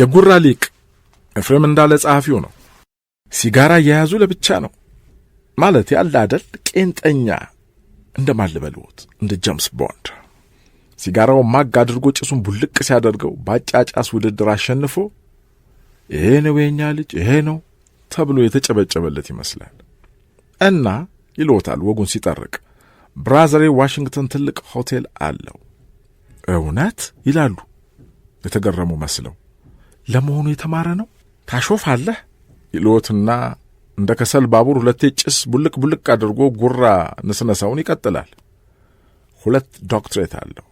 የጉራ ሊቅ ኤፍሬም እንዳለ ጸሐፊው ነው። ሲጋራ እየያዙ ለብቻ ነው ማለት ያለ አደል ቄንጠኛ እንደማልበልዎት እንደ ጀምስ ቦንድ ሲጋራው ማግ አድርጎ ጭሱን ቡልቅ ሲያደርገው ባጫጫስ ውድድር አሸንፎ ይሄ ነው የኛ ልጅ ይሄ ነው ተብሎ የተጨበጨበለት ይመስላል። እና ይልዎታል ወጉን ሲጠርቅ ብራዘሬ ዋሽንግተን ትልቅ ሆቴል አለው። እውነት ይላሉ የተገረሙ መስለው ለመሆኑ የተማረ ነው? ታሾፋለህ? ይልዎትና እንደ ከሰል ባቡር ሁለቴ ጭስ ቡልቅ ቡልቅ አድርጎ ጉራ ንስነሳውን ይቀጥላል። ሁለት ዶክትሬት አለው።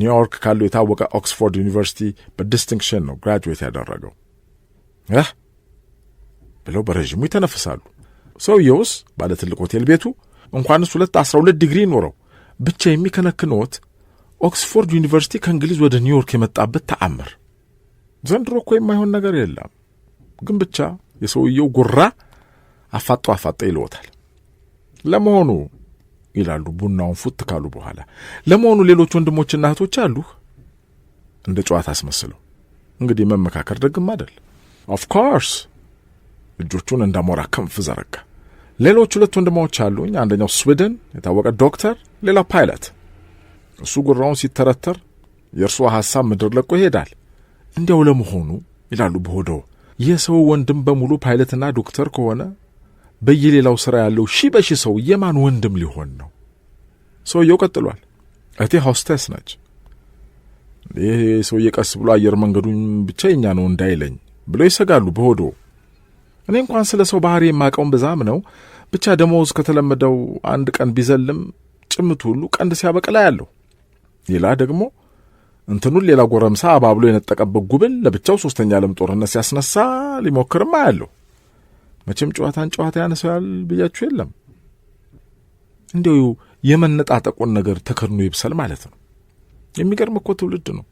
ኒውዮርክ ካለው የታወቀ ኦክስፎርድ ዩኒቨርሲቲ በዲስቲንክሽን ነው ግራጁዌት ያደረገው። እህ ብለው በረዥሙ ይተነፍሳሉ። ሰውየውስ ባለ ትልቅ ሆቴል ቤቱ እንኳንስ ሁለት አስራ ሁለት ዲግሪ ይኖረው ብቻ የሚከነክንዎት ኦክስፎርድ ዩኒቨርሲቲ ከእንግሊዝ ወደ ኒውዮርክ የመጣበት ተአምር ዘንድሮ እኮ የማይሆን ነገር የለም። ግን ብቻ የሰውየው ጉራ አፋጦ አፋጦ ይለወታል። ለመሆኑ ይላሉ ቡናውን ፉት ካሉ በኋላ፣ ለመሆኑ ሌሎች ወንድሞችና እህቶች አሉህ? እንደ ጨዋታ አስመስለው እንግዲህ መመካከር ደግም አደል። ኦፍኮርስ። እጆቹን እንዳሞራ ክንፍ ዘረጋ። ሌሎች ሁለት ወንድማዎች አሉኝ። አንደኛው ስዊድን የታወቀ ዶክተር፣ ሌላው ፓይለት። እሱ ጉራውን ሲተረተር የእርሷ ሐሳብ ምድር ለቆ ይሄዳል። እንዲያው ለመሆኑ ይላሉ በሆዶ የሰው ወንድም በሙሉ ፓይለትና ዶክተር ከሆነ በየሌላው ሥራ ያለው ሺ በሺ ሰው የማን ወንድም ሊሆን ነው? ሰውየው ቀጥሏል። እቴ ሆስተስ ነች። ይህ ሰውዬ ቀስ ብሎ አየር መንገዱን ብቻ የኛ ነው እንዳይለኝ ብሎ ይሰጋሉ በሆዶ እኔ እንኳን ስለ ሰው ባህሪ የማቀውን ብዛም ነው። ብቻ ደሞዝ ከተለመደው አንድ ቀን ቢዘልም ጭምቱ ሁሉ ቀንድ ሲያበቅላ ያለው ሌላ ደግሞ እንትኑን ሌላ ጎረምሳ አባብሎ የነጠቀበት ጉብል ለብቻው ሶስተኛ ዓለም ጦርነት ሲያስነሳ ሊሞክርም አያለሁ። መቼም ጨዋታን ጨዋታ ያነሳል ብያችሁ የለም። እንዲሁ የመነጣጠቁን ነገር ተከድኖ ይብሰል ማለት ነው። የሚገርም እኮ ትውልድ ነው።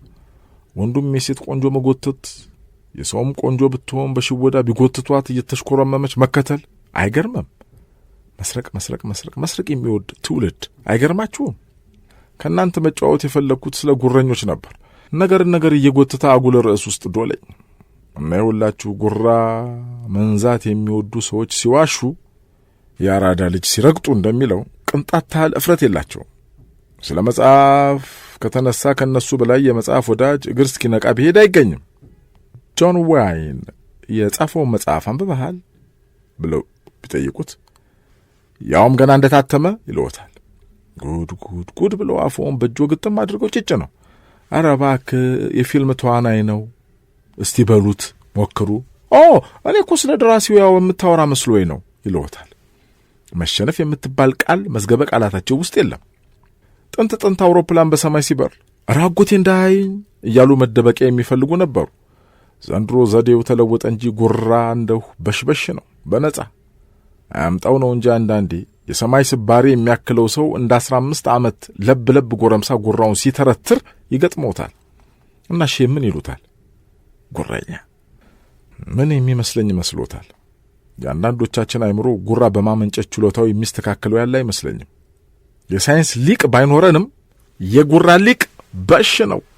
ወንዱም የሴት ቆንጆ መጎተት፣ የሰውም ቆንጆ ብትሆን በሽወዳ ቢጎትቷት እየተሽኮረመመች መከተል አይገርምም? መስረቅ መስረቅ መስረቅ መስረቅ የሚወድ ትውልድ አይገርማችሁም? ከእናንተ መጫወት የፈለግኩት ስለ ጉረኞች ነበር። ነገርን ነገር እየጎተተ አጉል ርዕስ ውስጥ ዶለኝ እና የሁላችሁ ጉራ መንዛት የሚወዱ ሰዎች ሲዋሹ የአራዳ ልጅ ሲረግጡ እንደሚለው ቅንጣት ታህል እፍረት የላቸውም። ስለ መጽሐፍ ከተነሳ ከነሱ በላይ የመጽሐፍ ወዳጅ እግር እስኪነቃ ብሄድ አይገኝም። ጆን ዋይን የጻፈውን መጽሐፍ አንብበሃል ብለው ቢጠይቁት ያውም ገና እንደታተመ ይለዎታል። ጉድ ጉድ ጉድ ብሎ አፉን በእጆ ግጥም አድርገው ጭጭ ነው። ኧረ እባክህ የፊልም ተዋናይ ነው። እስቲ በሉት ሞክሩ። ኦ እኔ እኮ ስለ ደራሲው ያው የምታወራ መስሎኝ ነው ይለዎታል። መሸነፍ የምትባል ቃል መዝገበ ቃላታቸው ውስጥ የለም። ጥንት ጥንት አውሮፕላን በሰማይ ሲበር ራጎቴ አጎቴ እንዳያይኝ እያሉ መደበቂያ የሚፈልጉ ነበሩ። ዘንድሮ ዘዴው ተለወጠ እንጂ ጉራ እንደሁ በሽበሽ ነው። በነጻ አያምጣው ነው እንጂ አንዳንዴ የሰማይ ስባሪ የሚያክለው ሰው እንደ አስራ አምስት ዓመት ለብ ለብ ጎረምሳ ጉራውን ሲተረትር ይገጥሞታል እና ሼ ምን ይሉታል? ጉረኛ። ምን የሚመስለኝ ይመስሎታል? የአንዳንዶቻችን አይምሮ ጉራ በማመንጨት ችሎታው የሚስተካከለው ያለ አይመስለኝም። የሳይንስ ሊቅ ባይኖረንም የጉራ ሊቅ በሽ ነው